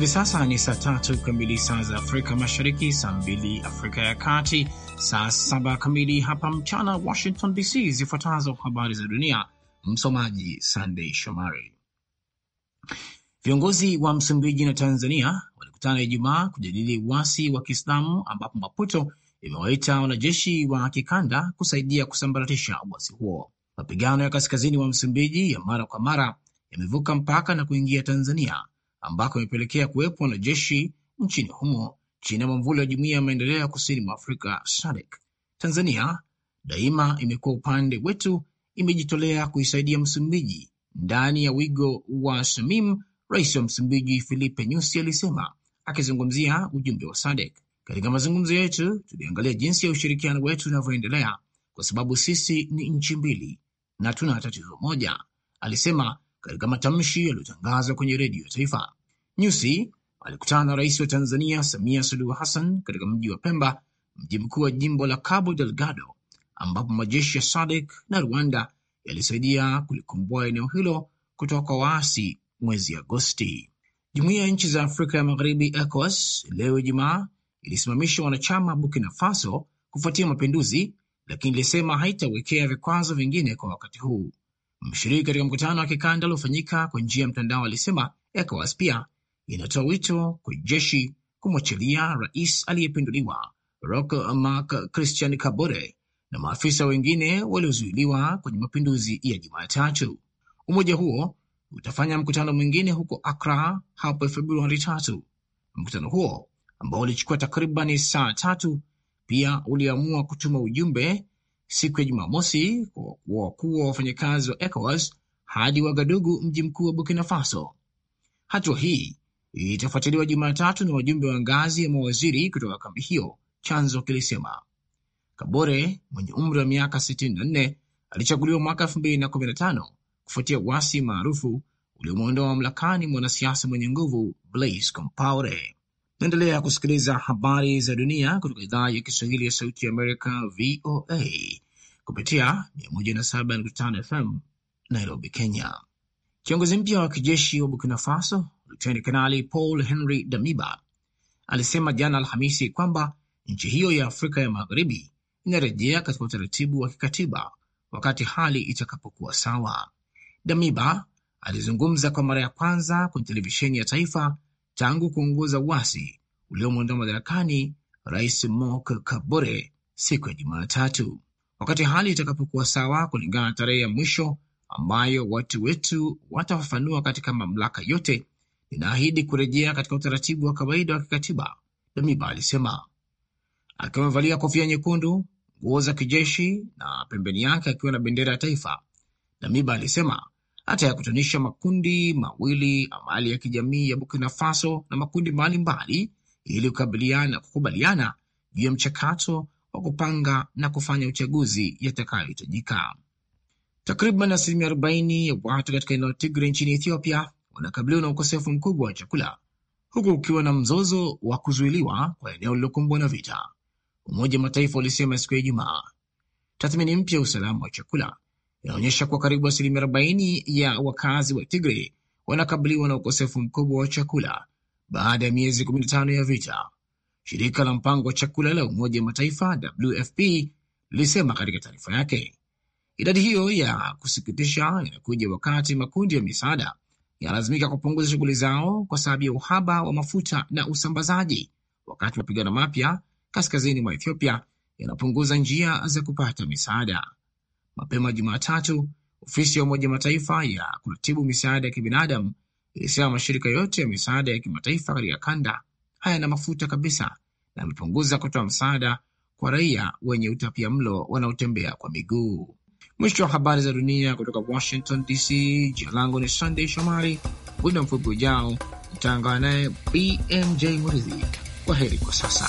Hivi sasa ni saa tatu kamili saa za Afrika Mashariki, saa mbili Afrika ya Kati, saa saba kamili hapa mchana Washington DC. Zifuatazo habari za dunia, msomaji Sandei Shomari. Viongozi wa Msumbiji na Tanzania walikutana Ijumaa kujadili uwasi wa Kiislamu ambapo Maputo imewaita wanajeshi wa kikanda kusaidia kusambaratisha uwasi huo. Mapigano ya kaskazini wa Msumbiji ya mara kwa mara yamevuka mpaka na kuingia Tanzania ambako imepelekea kuwepo na jeshi nchini humo chini ya mwamvuli wa Jumuiya ya Maendeleo ya Kusini mwa Afrika SADC. Tanzania daima imekuwa upande wetu, imejitolea kuisaidia Msumbiji ndani ya wigo wa Samim, rais wa Msumbiji Filipe Nyusi alisema akizungumzia ujumbe wa SADC. Katika mazungumzo yetu tuliangalia jinsi ya ushirikiano wetu unavyoendelea, kwa sababu sisi ni nchi mbili na tuna tatizo moja, alisema katika matamshi yaliyotangazwa kwenye redio ya taifa. Nyusi alikutana na Rais wa Tanzania Samia Suluhu Hassan katika mji wa Pemba, mji mkuu wa jimbo la Cabo Delgado, ambapo majeshi ya SADC na Rwanda yalisaidia kulikomboa eneo hilo kutoka kwa waasi mwezi Agosti. Jumuiya ya nchi za Afrika ya Magharibi, ECOWAS, leo Ijumaa ilisimamisha wanachama Burkina Faso kufuatia mapinduzi, lakini ilisema haitawekea vikwazo vingine kwa wakati huu. Mshiriki katika mkutano wa kikanda uliofanyika kwa njia ya mtandao alisema ECOWAS pia inatoa wito kwa jeshi kumwachilia rais aliyepinduliwa Roch Marc Christian Kabore na maafisa wengine waliozuiliwa kwenye mapinduzi ya Jumatatu. Umoja huo utafanya mkutano mwingine huko Akra hapo Februari tatu. Mkutano huo ambao ulichukua takribani saa tatu pia uliamua kutuma ujumbe siku ya Jumamosi kwa wakuu wa wafanyakazi wa ECOWAS hadi Wagadugu, mji mkuu wa Burkina Faso. Hatua hii itafuatiliwa Jumatatu na wajumbe wa ngazi ya mawaziri kutoka kambi hiyo, chanzo kilisema. Kabore mwenye umri wa miaka 64 alichaguliwa mwaka 2015 kufuatia uasi maarufu uliomwondoa mamlakani mwanasiasa mwenye nguvu Blaise Compaore. Naendelea kusikiliza habari za dunia kutoka idhaa ya Kiswahili ya Sauti ya Amerika, VOA, kupitia 107.5 FM Nairobi, Kenya. Kiongozi mpya wa kijeshi wa Burkina Faso Luteni Kanali Paul Henry Damiba alisema jana Alhamisi kwamba nchi hiyo ya Afrika ya Magharibi inarejea katika utaratibu wa kikatiba wakati hali itakapokuwa sawa. Damiba alizungumza kwa mara ya kwanza kwenye televisheni ya taifa tangu kuongoza uasi uliomwondoa madarakani Rais Mok Kabore siku ya Jumatatu, wakati hali itakapokuwa sawa, kulingana na tarehe ya mwisho ambayo watu wetu watafafanua katika mamlaka yote inaahidi kurejea katika utaratibu wa kawaida wa kikatiba, Damiba alisema akiwa amevalia kofia nyekundu, nguo za kijeshi na pembeni yake akiwa na bendera ya taifa. Damiba alisema atayakutanisha makundi mawili, amali ya kijamii ya Burkina Faso na makundi mbalimbali ili kukabiliana, kukubaliana juu ya mchakato wa kupanga na kufanya uchaguzi yatakayohitajika. Takriban asilimia 40 ya watu katika eneo tigre nchini Ethiopia unakabiliwa na ukosefu mkubwa wa chakula huku ukiwa na mzozo wa kuzuiliwa kwa eneo lililokumbwa na vita, Umoja wa Mataifa ulisema siku ya Ijumaa. Tathmini mpya ya usalama wa chakula inaonyesha kuwa karibu asilimia 40 ya wakazi wa Tigre wanakabiliwa na ukosefu mkubwa wa chakula baada ya miezi 15 ya vita. Shirika la mpango wa chakula la Umoja wa Mataifa WFP lilisema katika taarifa yake. Idadi hiyo ya kusikitisha inakuja wakati makundi ya misaada yanalazimika kupunguza shughuli zao kwa sababu ya uhaba wa mafuta na usambazaji, wakati mapigano mapya kaskazini mwa Ethiopia yanapunguza njia za kupata misaada. Mapema Jumatatu, ofisi ya Umoja Mataifa ya kuratibu misaada ya kibinadamu ilisema mashirika yote ya misaada ya kimataifa katika kanda hayana mafuta kabisa na yamepunguza kutoa msaada kwa raia wenye utapia mlo wanaotembea kwa miguu. Mwisho wa habari za dunia kutoka Washington DC. Jina langu ni Sunday Shomari. Muda mfupi ujao utaangana naye BMJ Muridhi. Kwa heri kwa sasa.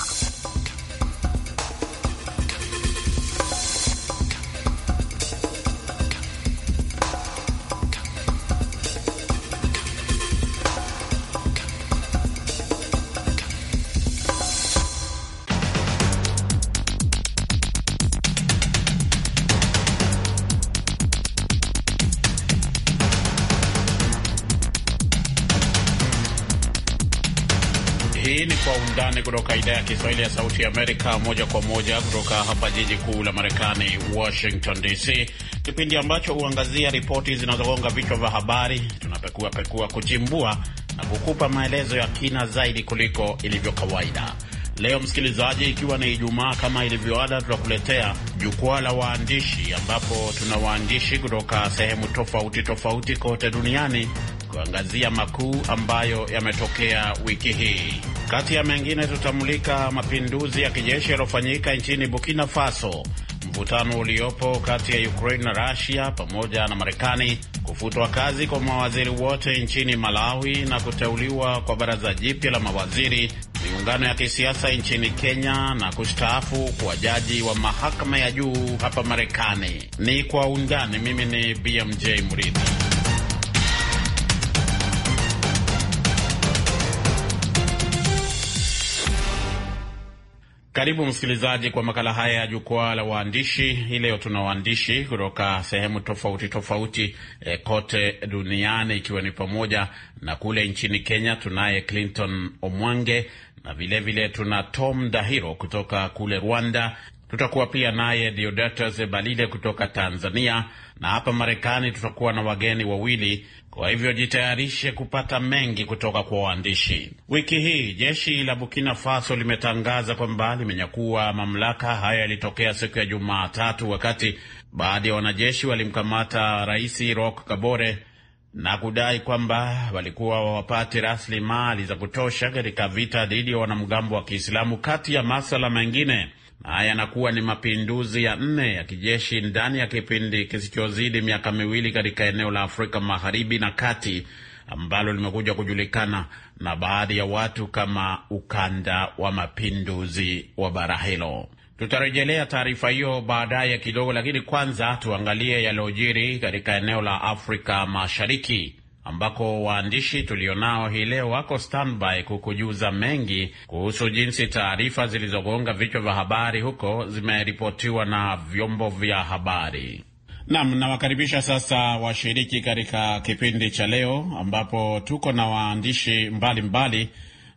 Undani kutoka idhaa ya Kiswahili ya Sauti ya Amerika, moja kwa moja kutoka hapa jiji kuu la Marekani, Washington DC, kipindi ambacho huangazia ripoti zinazogonga vichwa vya habari. Tunapekuapekua, kuchimbua na kukupa maelezo ya kina zaidi kuliko ilivyo kawaida. Leo msikilizaji, ikiwa ni Ijumaa, kama ilivyoada, tutakuletea jukwaa la waandishi, ambapo tuna waandishi kutoka sehemu tofauti tofauti kote duniani kuangazia makuu ambayo yametokea wiki hii. Kati ya mengine tutamulika mapinduzi ya kijeshi yaliyofanyika nchini Burkina Faso, mvutano uliopo kati ya Ukraine na Russia pamoja na Marekani, kufutwa kazi kwa mawaziri wote nchini Malawi na kuteuliwa kwa baraza jipya la mawaziri, miungano ya kisiasa nchini Kenya na kustaafu kwa jaji wa mahakama ya juu hapa Marekani. Ni kwa undani. Mimi ni BMJ Mridhi. Karibu msikilizaji kwa makala haya ya jukwaa la waandishi. Hii leo tuna waandishi kutoka sehemu tofauti tofauti e, kote duniani ikiwa ni pamoja na kule nchini Kenya tunaye Clinton Omwange na vilevile vile tuna Tom Dahiro kutoka kule Rwanda Tutakuwa pia naye Deodatus Balile kutoka Tanzania, na hapa Marekani tutakuwa na wageni wawili. Kwa hivyo jitayarishe kupata mengi kutoka kwa waandishi. Wiki hii jeshi la Burkina Faso limetangaza kwamba limenyakua mamlaka. Haya yalitokea siku ya Jumatatu wakati baadhi ya wanajeshi walimkamata Rais Roch Kabore na kudai kwamba walikuwa wawapati rasilimali za kutosha katika vita dhidi ya wanamgambo wa Kiislamu, kati ya masala mengine. Haya yanakuwa ni mapinduzi ya nne ya kijeshi ndani ya kipindi kisichozidi miaka miwili katika eneo la Afrika Magharibi na Kati ambalo limekuja kujulikana na baadhi ya watu kama ukanda wa mapinduzi wa bara hilo. Tutarejelea taarifa hiyo baadaye kidogo, lakini kwanza tuangalie yaliyojiri katika eneo la Afrika Mashariki ambako waandishi tulionao hii leo wako standby kukujuza mengi kuhusu jinsi taarifa zilizogonga vichwa vya habari huko zimeripotiwa na vyombo vya habari. Nam, nawakaribisha sasa washiriki katika kipindi cha leo ambapo tuko na waandishi mbalimbali,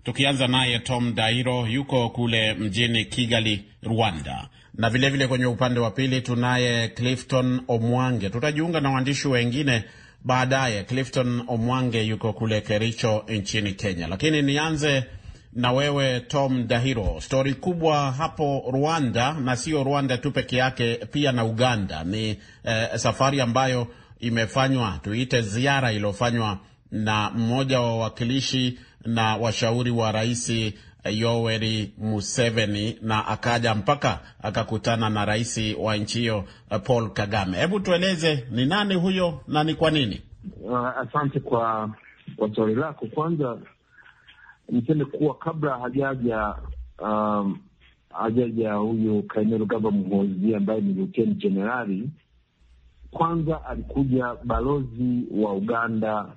tukianza naye Tom Dairo, yuko kule mjini Kigali, Rwanda, na vilevile vile kwenye upande wa pili tunaye Clifton Omwange. Tutajiunga na waandishi wengine baadaye. Clifton Omwange yuko kule Kericho nchini Kenya. Lakini nianze na wewe Tom Dahiro, stori kubwa hapo Rwanda, na sio Rwanda tu peke yake, pia na Uganda. Ni eh, safari ambayo imefanywa tuite ziara iliyofanywa na mmoja wa wawakilishi na washauri wa rais Yoweri Museveni na akaja mpaka akakutana na rais wa nchi hiyo eh, Paul Kagame. Hebu tueleze ni nani huyo na ni kwa nini? Uh, asante kwa kwa swali lako. Kwanza niseme kuwa kabla hajaja um, hajaja huyu Kainerugaba Muhoozi ambaye ni luteni jenerali, kwanza alikuja balozi wa Uganda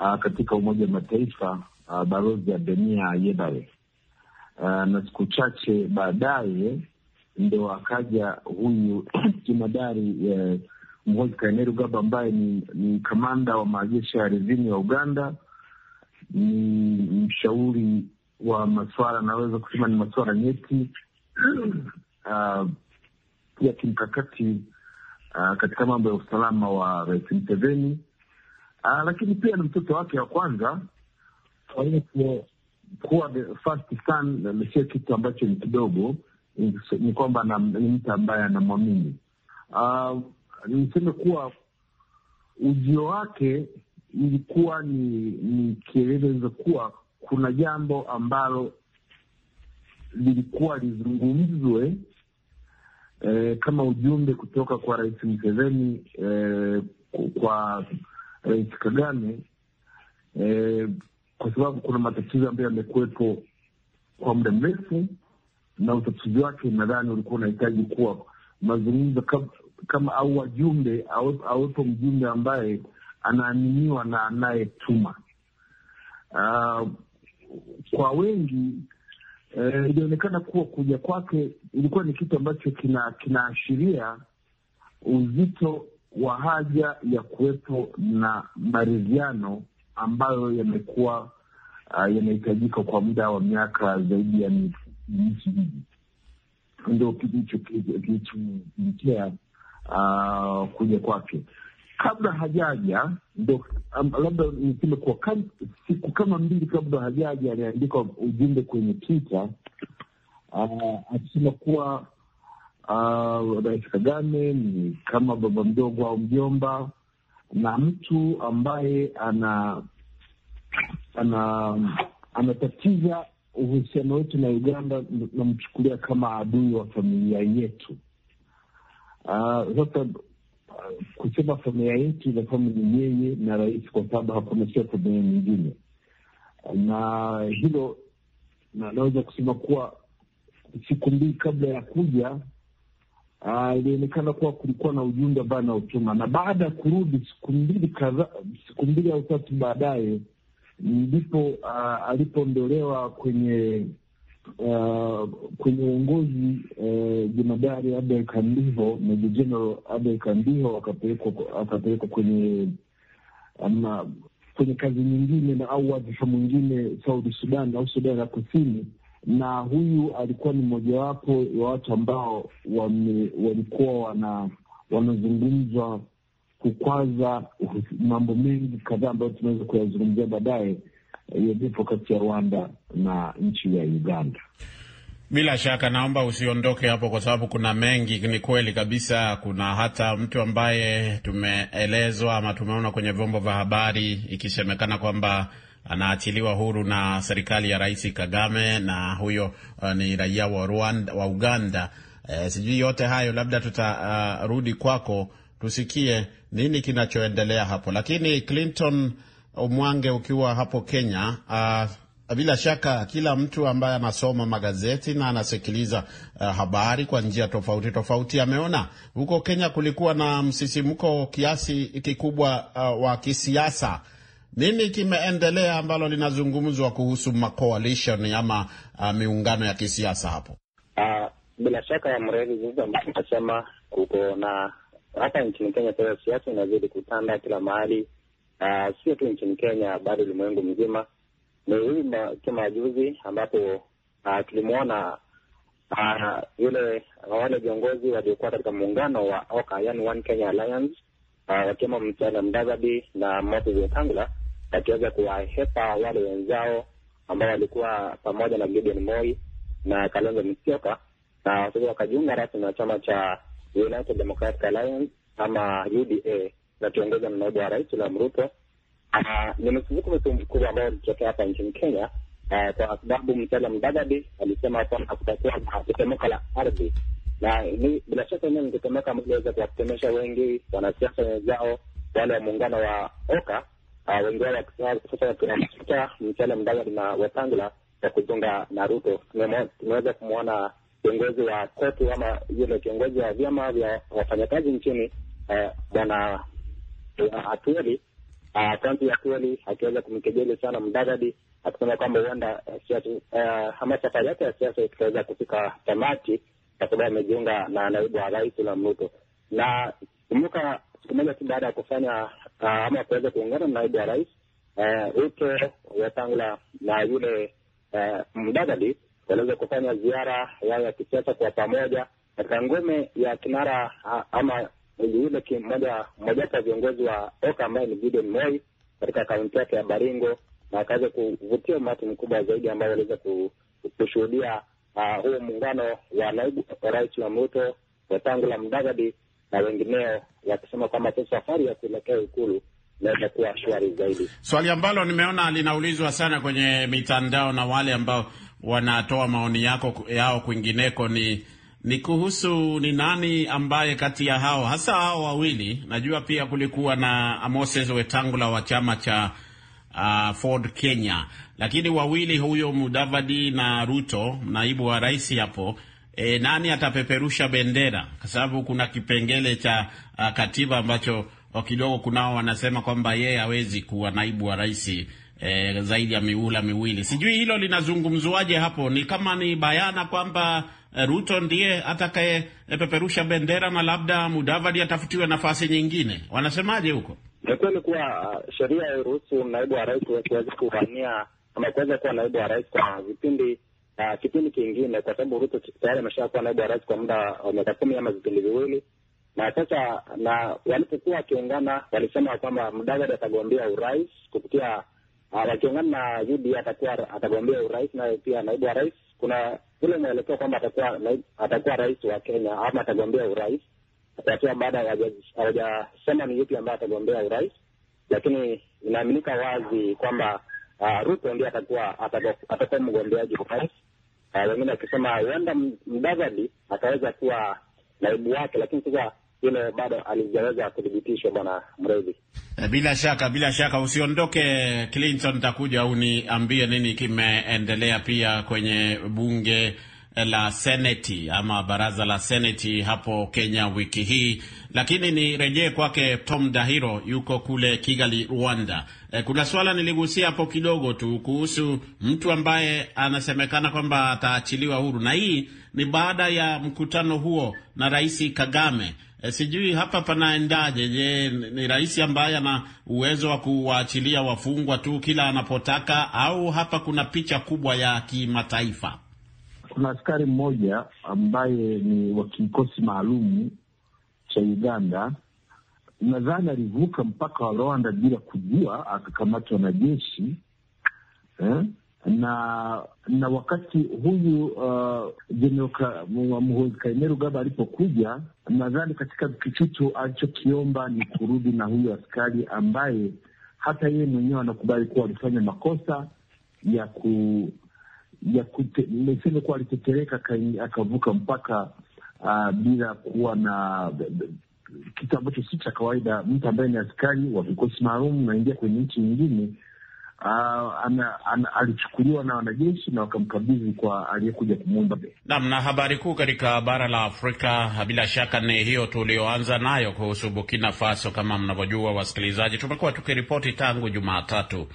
uh, katika Umoja wa Mataifa uh, balozi ya Benia Yebale Ah, na siku chache baadaye ndo akaja huyu kimadari eh, Muhoozi Kainerugaba ambaye ni, ni kamanda wa majeshi ya ardhini ya Uganda, ni mshauri wa masuala anaweza kusema ni masuala nyeti uh, ya kimkakati uh, katika mambo ya usalama wa Rais Museveni uh, lakini pia ni mtoto wake wa kwanza, kwa hiyo kuwa the first son sio kitu ambacho ni kidogo, ni kwamba ni mtu ambaye anamwamini. Uh, niseme kuwa ujio wake ilikuwa ni, ni kielelezo kuwa kuna jambo ambalo lilikuwa lizungumzwe eh, kama ujumbe kutoka kwa Rais Museveni eh, kwa Rais Kagame eh, kwa sababu kuna matatizo ambayo yamekuwepo kwa muda mrefu, na utatuzi wake nadhani ulikuwa unahitaji kuwa mazungumzo kama, au wajumbe awepo mjumbe ambaye anaaminiwa na anayetuma. Uh, kwa wengi eh, ilionekana kuwa kuja kwake ilikuwa ni kitu ambacho kinaashiria kina uzito wa haja ya kuwepo na maridhiano ambayo yamekuwa uh, yanahitajika kwa muda wa miaka zaidi ya miishiii, ndo kilichopelekea uh, kuja kwake. Kabla hajaja ndo um, labda niseme kuwa kam, siku kama mbili kabla hajaja aliandika ujumbe kwenye Twitter uh, akisema kuwa uh, Rais Kagame ni kama baba mdogo au mjomba na mtu ambaye ana ana anatatiza uhusiano wetu na Uganda, namchukulia kama adui wa familia yetu. Ah, sasa uh, kusema familia yetu inakuwa ni yeye na rais, kwa sababu hakuna sio familia nyingine, na hilo naweza kusema kuwa siku mbili kabla ya kuja Ah, ilionekana kuwa kulikuwa na ujumbe ambayo anaotuma, na baada ya kurudi siku mbili kadhaa, siku mbili au tatu baadaye ndipo uh, alipoondolewa kwenye uh, kwenye uongozi eh, jemadari uh, Abdel Kandiho, Meja Jeneral Abdel Kandiho akapelekwa kwenye um, kwenye kazi nyingine na au wadhifa mwingine Saudi Sudan au Sudan ya Kusini na huyu alikuwa ni mojawapo ya watu ambao walikuwa wana wanazungumzwa kukwaza mambo mengi kadhaa ambayo tunaweza kuyazungumzia baadaye eh, yaliyopo kati ya Rwanda na nchi ya Uganda. Bila shaka naomba usiondoke hapo, kwa sababu kuna mengi. Ni kweli kabisa, kuna hata mtu ambaye tumeelezwa ama tumeona kwenye vyombo vya habari ikisemekana kwamba anaachiliwa huru na serikali ya Rais Kagame, na huyo uh, ni raia wa Rwanda, wa Uganda. Uh, sijui yote hayo labda tutarudi uh, kwako tusikie nini kinachoendelea hapo. Lakini Clinton umwange ukiwa hapo Kenya, uh, bila shaka kila mtu ambaye anasoma magazeti na anasikiliza uh, habari kwa njia tofauti tofauti ameona huko Kenya kulikuwa na msisimko kiasi kikubwa uh, wa kisiasa nini kimeendelea ambalo linazungumzwa kuhusu macoalition ama uh, miungano ya kisiasa hapo? Uh, bila shaka ya mreli zizi ambao tunasema kuko na hata nchini Kenya pia siasa inazidi kutanda kila mahali, uh, sio tu nchini Kenya, bado ulimwengu mzima. Ni hivi kimajuzi ambapo uh, ah, tulimwona uh, yule wale viongozi waliokuwa katika muungano wa OKA, yani One Kenya Alliance uh, ah, wakiwemo Msala Mdagadi na Moses Wetangula akiweza kuwahepa wale wenzao ambao walikuwa pamoja na Gideon Moi na Kalonzo Musyoka, na wasasa wakajiunga rasmi na chama cha United Democratic Alliance ama UDA na kiongozi na naibu wa rais William Ruto. Ah, ni msukusuko mkubwa ambao ulitokea hapa nchini Kenya ah, kwa sababu Msala Mdagadi alisema kwamba kutakuwa na tetemeko la ardhi na bila shaka enyewe ningetemeka mliweza kuwatemesha wengi wanasiasa wenzao wale wa muungano wa Oka, ah, wengi wao wakisasa tunamkuta Musalia Mudavadi na Wetangula ya kujunga na Ruto. Tumeweza kumwona kiongozi wa KOTU ama yule kiongozi wa vyama vya wafanyakazi nchini eh, bwana Atueli, ah, kaunti ya Atueli, akiweza kumkejeli sana Mdagadi akisema kwamba huenda hamasa eh, eh, safari yake ya siasa ikitaweza kufika tamati. Takudai amejiunga na naibu wa rais William Ruto, na kumbuka siku moja tu baada ya kufanya uh, ama kuweza kuungana na naibu wa rais uh, Ruto, Wetangula na yule uh, Mdavadi waliweza kufanya ziara yao ya kisiasa kwa pamoja katika ngome ya kinara ama yule mmojawapo wa viongozi wa OKA ambaye ni Gideon Moi katika kaunti yake ya Baringo, na akaweza kuvutia umati mkubwa zaidi ambao waliweza kushuhudia uh, huu muungano wa naibu rais wa Ruto, Wetangula Mudavadi na wengineo, wakisema kwamba safari ya kuelekea Ikulu inaweza kuwa shwari zaidi. Swali ambalo nimeona linaulizwa sana kwenye mitandao na wale ambao wanatoa maoni yako yao kwingineko ni ni kuhusu ni nani ambaye kati ya hao hasa hao wawili. Najua pia kulikuwa na Moses Wetangula wa chama cha uh, Ford Kenya lakini wawili huyo Mudavadi na Ruto, naibu wa rais hapo E, nani atapeperusha bendera? Kwa sababu kuna kipengele cha a, katiba ambacho kidogo kunao wanasema kwamba yeye hawezi kuwa naibu wa rais e, zaidi ya miula miwili. Sijui hilo linazungumzwaje hapo, ni kama ni bayana kwamba e, Ruto ndiye atakayepeperusha bendera na labda Mudavadi atafutiwe nafasi nyingine. Wanasemaje huko? Ni kweli kuwa sheria hairuhusu naibu wa rais akiwezi kuwania amekuweza kuwa naibu wa rais kwa vipindi uh, kipindi kingine, kwa sababu Ruto tayari ameshakuwa naibu wa rais kwa muda wa miaka kumi ama vipindi viwili, na sasa na walipokuwa wakiungana walisema kwamba Mudavadi atagombea urais kupitia ah, wakiungana na UDA atakuwa atagombea urais naye pia naibu wa rais. Kuna ule mwelekeo kwamba atakuwa atakuwa rais wa Kenya ama atagombea urais, akiwa baada hawajasema ni yupi ambaye atagombea urais, lakini inaaminika wazi kwamba uh, Ruto ndiye atakuwa atakuwa mgombeaji wa rais. Uh, ah, wengine wakisema huenda Mdavadi ataweza kuwa naibu wake, lakini sasa hilo bado alijaweza kuthibitishwa, bwana Mrezi. Eh, bila shaka, bila shaka, usiondoke Clinton, takuja uniambie nini kimeendelea pia kwenye bunge eh, la seneti ama baraza la seneti hapo Kenya wiki hii, lakini nirejee kwake Tom Dahiro, yuko kule Kigali, Rwanda. E, kuna swala niligusia hapo kidogo tu kuhusu mtu ambaye anasemekana kwamba ataachiliwa huru, na hii ni baada ya mkutano huo na Rais Kagame. E, sijui hapa panaendaje? Je, ni rais ambaye ana uwezo wa kuwaachilia wafungwa tu kila anapotaka au hapa kuna picha kubwa ya kimataifa? Kuna askari mmoja ambaye ni wa kikosi maalum cha Uganda nadhani alivuka mpaka wa Rwanda bila kujua, akakamatwa na jeshi eh? na na wakati huyu uh, Muhoozi Kainerugaba alipokuja, nadhani katika kitu alichokiomba ni kurudi na huyu askari ambaye hata yeye mwenyewe anakubali kuwa alifanya makosa ya ku ya niseme kuwa alitetereka akavuka mpaka uh, bila kuwa na kitu ambacho si cha kawaida. Mtu ambaye ni askari wa vikosi maalum naingia kwenye nchi nyingine, ah, alichukuliwa na wanajeshi na wakamkabidhi kwa aliyekuja kumwomba. Naam, na habari kuu katika bara la Afrika bila shaka ni hiyo tulioanza nayo kuhusu Burkina Faso. Kama mnavyojua, wasikilizaji, tumekuwa tukiripoti tangu Jumatatu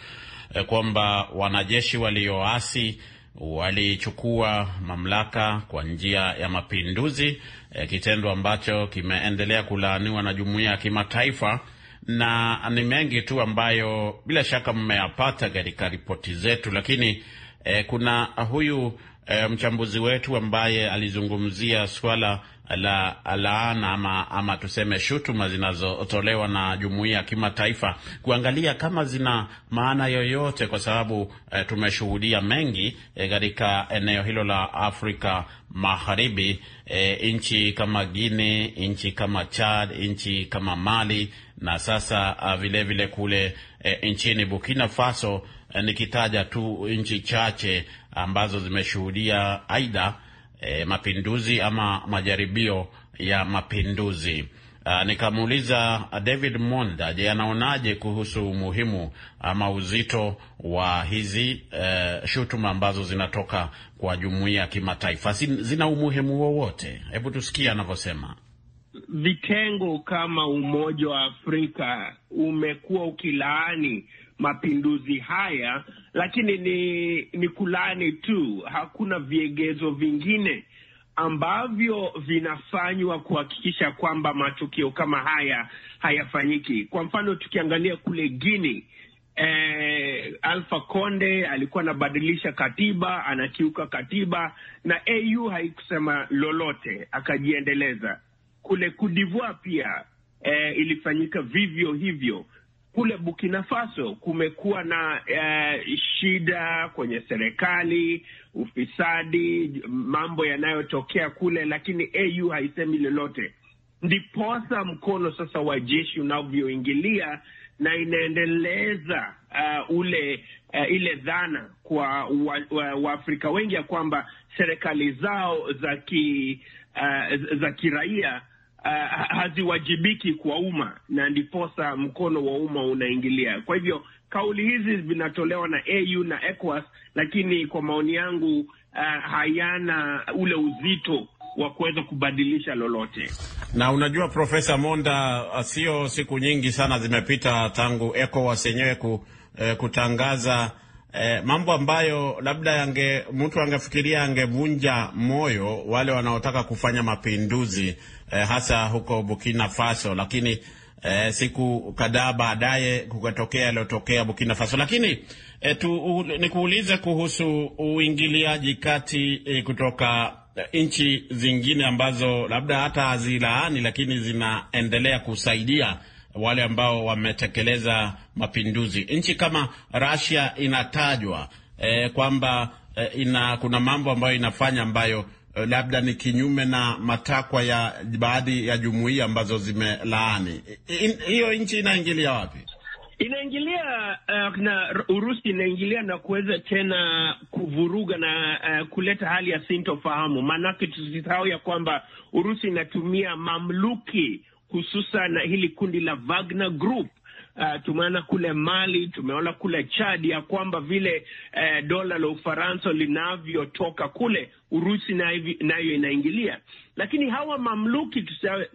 eh, kwamba wanajeshi walioasi walichukua mamlaka kwa njia ya mapinduzi, eh, kitendo ambacho kimeendelea kulaaniwa na jumuiya ya kimataifa na ni mengi tu ambayo bila shaka mmeyapata katika ripoti zetu, lakini eh, kuna huyu eh, mchambuzi wetu ambaye alizungumzia swala la laana ama, ama tuseme shutuma zinazotolewa na jumuiya ya kimataifa kuangalia kama zina maana yoyote, kwa sababu eh, tumeshuhudia mengi eh, katika eh, eneo hilo la Afrika Magharibi eh, nchi kama guine nchi kama Chad, nchi kama Mali na sasa vilevile ah, vile kule eh, nchini Burkina Faso eh, nikitaja tu nchi chache ambazo zimeshuhudia aidha e, mapinduzi ama majaribio ya mapinduzi. Uh, nikamuuliza ah, David Monda, je, anaonaje kuhusu umuhimu ama ah, uzito wa hizi uh, shutuma ambazo zinatoka kwa jumuiya ya kimataifa, zina umuhimu wowote? Hebu tusikie anavyosema. Vitengo kama Umoja wa Afrika umekuwa ukilaani mapinduzi haya lakini ni, ni kulani tu. Hakuna viegezo vingine ambavyo vinafanywa kuhakikisha kwamba matukio kama haya hayafanyiki. Kwa mfano tukiangalia kule guini eh, Alfa Conde alikuwa anabadilisha katiba, anakiuka katiba na AU haikusema lolote, akajiendeleza. Kule Cote d'Ivoire pia eh, ilifanyika vivyo hivyo kule Burkina Faso kumekuwa na uh, shida kwenye serikali, ufisadi, mambo yanayotokea kule, lakini AU haisemi lolote, ndiposa mkono sasa wa jeshi unavyoingilia na inaendeleza uh, ule uh, ile dhana kwa Waafrika wa, wa wengi ya kwamba serikali zao za ki, uh, za kiraia uh, haziwajibiki kwa umma, na ndiposa mkono wa umma unaingilia. Kwa hivyo kauli hizi zinatolewa na AU na ECOWAS, lakini kwa maoni yangu uh, hayana ule uzito wa kuweza kubadilisha lolote. Na unajua, Profesa Monda, eh, sio siku nyingi sana zimepita tangu ECOWAS yenyewe ku, eh, kutangaza eh, mambo ambayo labda yange mtu angefikiria angevunja moyo wale wanaotaka kufanya mapinduzi eh, hasa huko Burkina Faso, lakini eh, siku kadhaa baadaye kukatokea yaliyotokea Burkina Faso. Lakini eh, tu, nikuulize kuhusu uingiliaji kati eh, kutoka eh, nchi zingine ambazo labda hata hazilaani lakini zinaendelea kusaidia wale ambao wametekeleza mapinduzi. Nchi kama Russia inatajwa eh, kwamba eh, ina kuna mambo ambayo inafanya ambayo Eh, labda ni kinyume na matakwa ya baadhi ya jumuiya ambazo zimelaani hiyo. In, nchi inaingilia wapi? Inaingilia uh, na Urusi inaingilia na kuweza tena kuvuruga na uh, kuleta hali ya sintofahamu, maanake tusisahau ya kwamba Urusi inatumia mamluki hususan na hili kundi la Wagner Group. Uh, tumeona kule Mali, tumeona kule Chad ya kwamba vile uh, dola la Ufaransa linavyotoka kule Urusi nayo na inaingilia, lakini hawa mamluki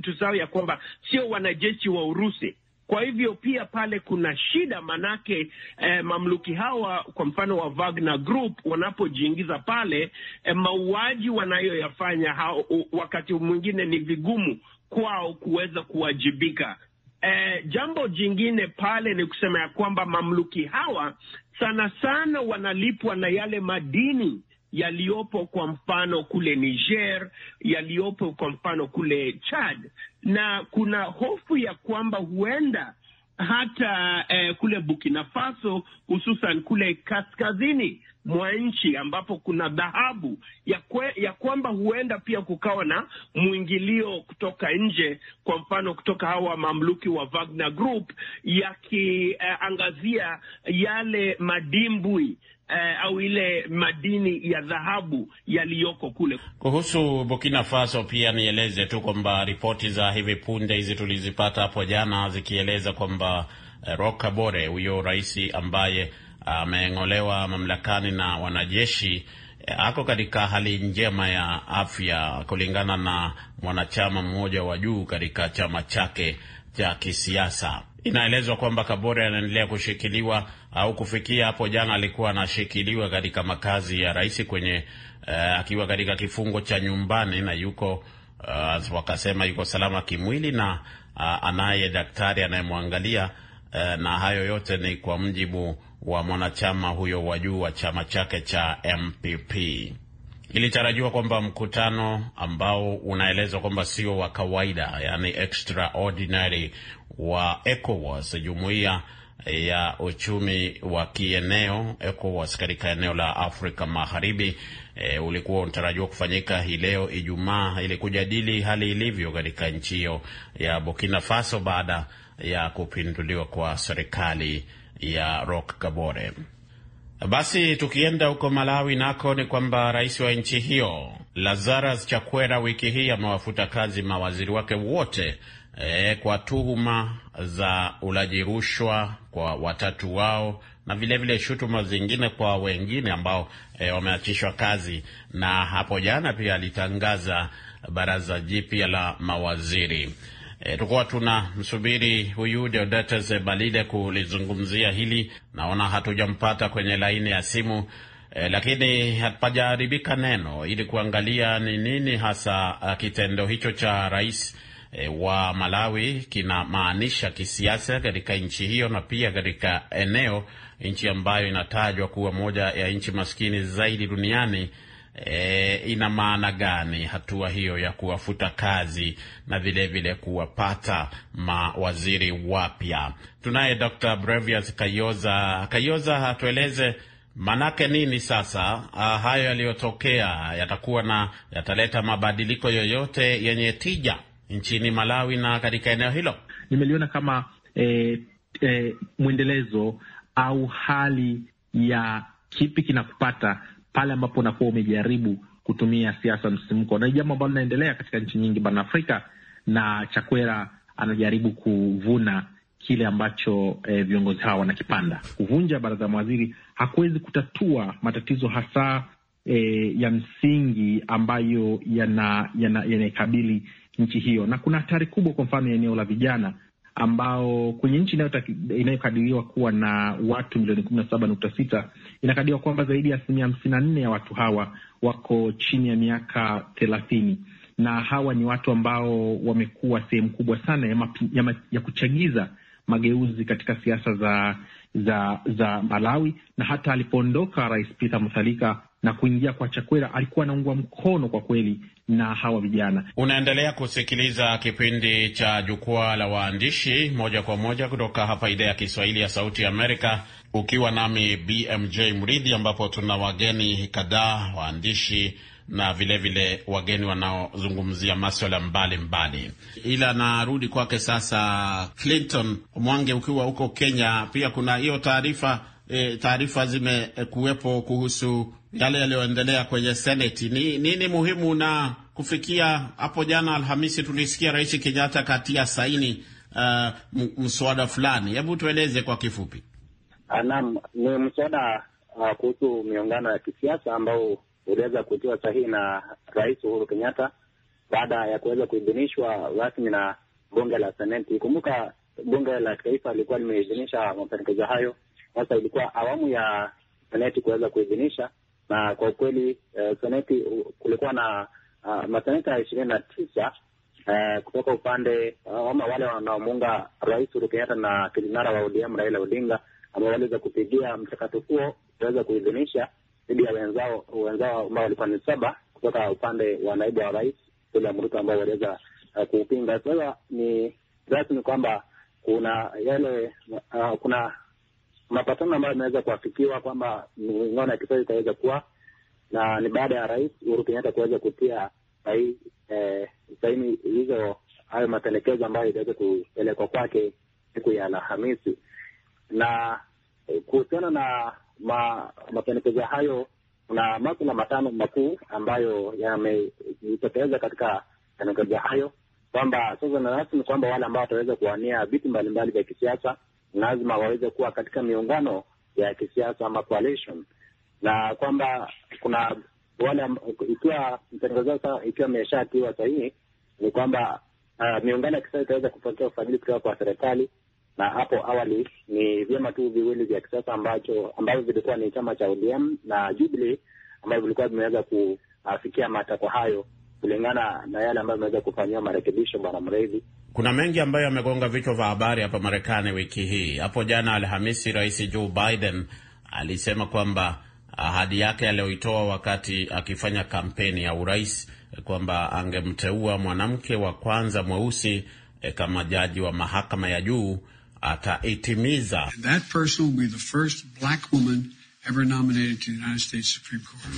tusahau ya kwamba sio wanajeshi wa Urusi. Kwa hivyo pia pale kuna shida manake, eh, mamluki hawa kwa mfano wa Wagner Group wanapojiingiza pale, eh, mauaji wanayoyafanya hao, wakati mwingine ni vigumu kwao kuweza kuwajibika. Eh, jambo jingine pale ni kusema ya kwamba mamluki hawa sana sana wanalipwa na yale madini yaliyopo kwa mfano kule Niger, yaliyopo kwa mfano kule Chad, na kuna hofu ya kwamba huenda hata eh, kule Burkina Faso hususan kule kaskazini mwa nchi ambapo kuna dhahabu ya, ya kwamba huenda pia kukawa na mwingilio kutoka nje, kwa mfano kutoka hawa mamluki wa Wagner Group yakiangazia eh, yale madimbwi eh, au ile madini ya dhahabu yaliyoko kule. Kuhusu Burkina Faso pia nieleze tu kwamba ripoti za hivi punde hizi tulizipata hapo jana zikieleza kwamba eh, Roch Kabore huyo rais ambaye ameng'olewa ah, mamlakani na wanajeshi eh, ako katika hali njema ya afya kulingana na mwanachama mmoja wa juu katika chama chake cha kisiasa. Inaelezwa kwamba Kabore anaendelea kushikiliwa au kufikia hapo jana alikuwa anashikiliwa katika makazi ya rais kwenye uh, akiwa katika kifungo cha nyumbani na yuko uh, wakasema yuko salama kimwili na uh, anaye daktari anayemwangalia uh, na hayo yote ni kwa mjibu wa mwanachama huyo wa juu wa chama chake cha MPP. Ilitarajiwa kwamba mkutano ambao unaelezwa kwamba sio wa kawaida, yani extraordinary wa ECOWAS, jumuiya ya uchumi wa kieneo ECOWAS katika eneo la Afrika Magharibi e, ulikuwa unatarajiwa kufanyika hii leo Ijumaa ili kujadili hali ilivyo katika nchi hiyo ya Burkina Faso baada ya kupinduliwa kwa serikali ya Roch Kabore. Basi tukienda huko Malawi nako ni kwamba rais wa nchi hiyo Lazarus Chakwera wiki hii amewafuta kazi mawaziri wake wote e, kwa tuhuma za ulaji rushwa kwa watatu wao na vilevile vile shutuma zingine kwa wengine ambao e, wameachishwa kazi. Na hapo jana pia alitangaza baraza jipya la mawaziri. E, eh, tukuwa tuna msubiri huyu Deodatus Balile kulizungumzia hili. Naona hatujampata kwenye laini ya simu e, lakini hapajaharibika neno ili kuangalia ni nini hasa kitendo hicho cha rais e, wa Malawi kinamaanisha kisiasa katika nchi hiyo na pia katika eneo, nchi ambayo inatajwa kuwa moja ya nchi maskini zaidi duniani. E, ina maana gani hatua hiyo ya kuwafuta kazi na vilevile kuwapata mawaziri wapya? Tunaye Dr. Brevius Kayoza. Kayoza, atueleze manake nini sasa? uh, hayo yaliyotokea yatakuwa na yataleta mabadiliko yoyote yenye tija? nchini Malawi na katika eneo hilo? Nimeliona kama eh, eh, mwendelezo au hali ya kipi kinakupata pale ambapo unakuwa umejaribu kutumia siasa msisimko, na jambo ambalo linaendelea katika nchi nyingi barani Afrika, na Chakwera anajaribu kuvuna kile ambacho eh, viongozi hawa wanakipanda. Kuvunja baraza la mawaziri hakuwezi kutatua matatizo hasa eh, ya msingi ambayo yanaikabili yana, yana nchi hiyo, na kuna hatari kubwa, kwa mfano, ya eneo la vijana ambao kwenye nchi inayokadiriwa kuwa na watu milioni kumi na saba nukta sita inakadiriwa kwamba zaidi ya asilimia hamsini na nne ya watu hawa wako chini ya miaka thelathini na hawa ni watu ambao wamekuwa sehemu kubwa sana ya, mapi, ya, ma, ya kuchagiza mageuzi katika siasa za za za Malawi na hata alipoondoka Rais Peter Mutharika na kuingia kwa Chakwera alikuwa anaungwa mkono kwa kweli na hawa vijana. Unaendelea kusikiliza kipindi cha Jukwaa la Waandishi moja kwa moja kutoka hapa idhaa ya Kiswahili ya Sauti ya Amerika, ukiwa nami BMJ Mridhi, ambapo tuna wageni kadhaa waandishi na vilevile vile wageni wanaozungumzia maswala mbalimbali, ila narudi kwake sasa. Clinton Mwange, ukiwa huko Kenya, pia kuna hiyo taarifa e, taarifa zimekuwepo eh, kuhusu yale yaliyoendelea kwenye seneti. Ni nini muhimu? Na kufikia hapo jana Alhamisi tulisikia Rais Kenyatta katia saini uh, mswada fulani. Hebu tueleze kwa kifupi. Ah, naam, ni mswada uh, kuhusu miungano ya kisiasa ambao uliweza kutiwa sahihi na Rais Uhuru Kenyatta baada ya kuweza kuidhinishwa rasmi na bunge la seneti. Kumbuka bunge la kitaifa lilikuwa limeidhinisha mapendekezo hayo sasa ilikuwa awamu ya seneti kuweza kuidhinisha, na kwa ukweli uh, seneti kulikuwa na uh, maseneta ishirini na tisa uh, kutoka upande uh, ama wale wanaomuunga Rais Uhuru Kenyatta na kinara wa ODM Raila Odinga ambao waliweza kupigia mchakato huo kuweza kuidhinisha dhidi ya wenzao wenzao ambao walikuwa ni saba kutoka upande wa naibu wa rais William Ruto ambao waliweza uh, kuupinga. Sasa ni rasmi kwamba kuna yale uh, kuna mapatano ambayo yameweza kuafikiwa kwamba mingano ya kisasa itaweza kuwa na ni baada ya Rais Uhuru Kenyatta kuweza kutia eh, saini eh, hizo hayo mapendekezo ambayo itaweza kupelekwa kwake siku ya Alhamisi na eh, kuhusiana na ma, mapendekezo hayo kuna maswala matano makuu ambayo yamejitokeza katika mapendekezo hayo, kwamba sasa na rasmi kwamba wale ambao wataweza kuwania viti mbalimbali vya kisiasa lazima waweze kuwa katika miungano ya kisiasa ama coalition, na kwamba kuna wale, ikiwa mpendekezo sasa, ikiwa imeshatiwa sahihi, ni kwamba uh, miungano ya kisiasa itaweza kupokea ufadhili kutoka kwa serikali. Na hapo awali ni vyama tu viwili vya kisiasa ambacho ambavyo vilikuwa ni chama cha ODM na Jubilee ambavyo vilikuwa vimeweza kufikia matakwa hayo kulingana na yale ambayo imeweza kufanyiwa marekebisho Bwana mrevi kuna mengi ambayo yamegonga vichwa vya habari hapa Marekani wiki hii. Hapo jana Alhamisi, Rais Joe Biden alisema kwamba ahadi yake aliyoitoa wakati akifanya kampeni ya urais kwamba angemteua mwanamke wa kwanza mweusi e, kama jaji wa mahakama ya juu ataitimiza,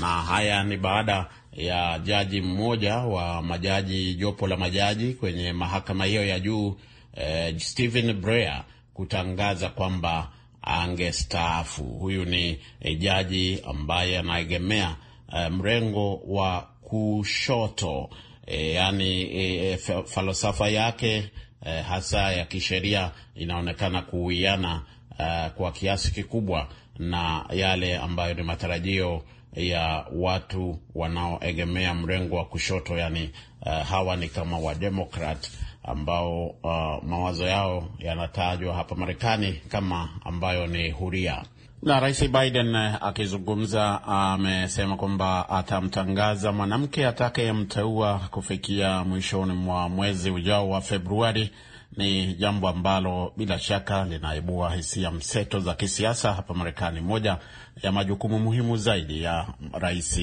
na haya ni baada ya jaji mmoja wa majaji, jopo la majaji kwenye mahakama hiyo ya juu eh, Stephen Breyer kutangaza kwamba angestaafu. Huyu ni eh, jaji ambaye anaegemea eh, mrengo wa kushoto eh, yani eh, falsafa yake eh, hasa ya kisheria inaonekana kuwiana eh, kwa kiasi kikubwa na yale ambayo ni matarajio ya watu wanaoegemea mrengo wa kushoto, yani uh, hawa ni kama Wademokrat ambao uh, mawazo yao yanatajwa hapa Marekani kama ambayo ni huria. Na Rais Biden eh, akizungumza amesema kwamba atamtangaza mwanamke atakayemteua kufikia mwishoni mwa mwezi ujao wa Februari ni jambo ambalo bila shaka linaibua hisia mseto za kisiasa hapa Marekani, moja ya majukumu muhimu zaidi ya rais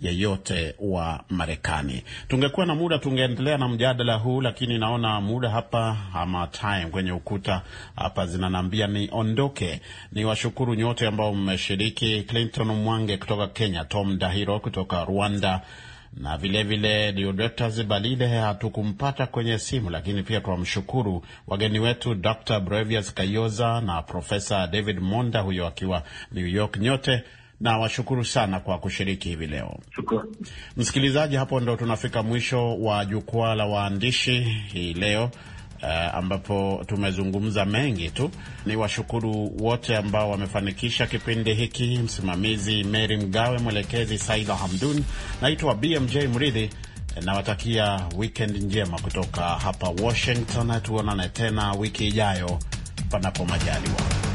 yeyote wa Marekani. Tungekuwa na muda, tungeendelea na mjadala huu, lakini naona muda hapa ama time kwenye ukuta hapa zinanambia niondoke. Ni washukuru nyote ambao mmeshiriki, Clinton Mwange kutoka Kenya, Tom Dahiro kutoka Rwanda, na vilevile Deodatus Balile hatukumpata kwenye simu, lakini pia twamshukuru wageni wetu Dr. Brevius Kayoza na Profesa David Monda, huyo akiwa New York. Nyote na washukuru sana kwa kushiriki hivi leo. msikilizaji, hapo ndo tunafika mwisho wa jukwaa la waandishi hii leo uh, ambapo tumezungumza mengi tu. Ni washukuru wote ambao wamefanikisha kipindi hiki, msimamizi Meri Mgawe, mwelekezi Saida Hamdun. Naitwa BMJ Mridhi, nawatakia weekend njema kutoka hapa Washington. Tuonane tena wiki ijayo, panapo majaliwa.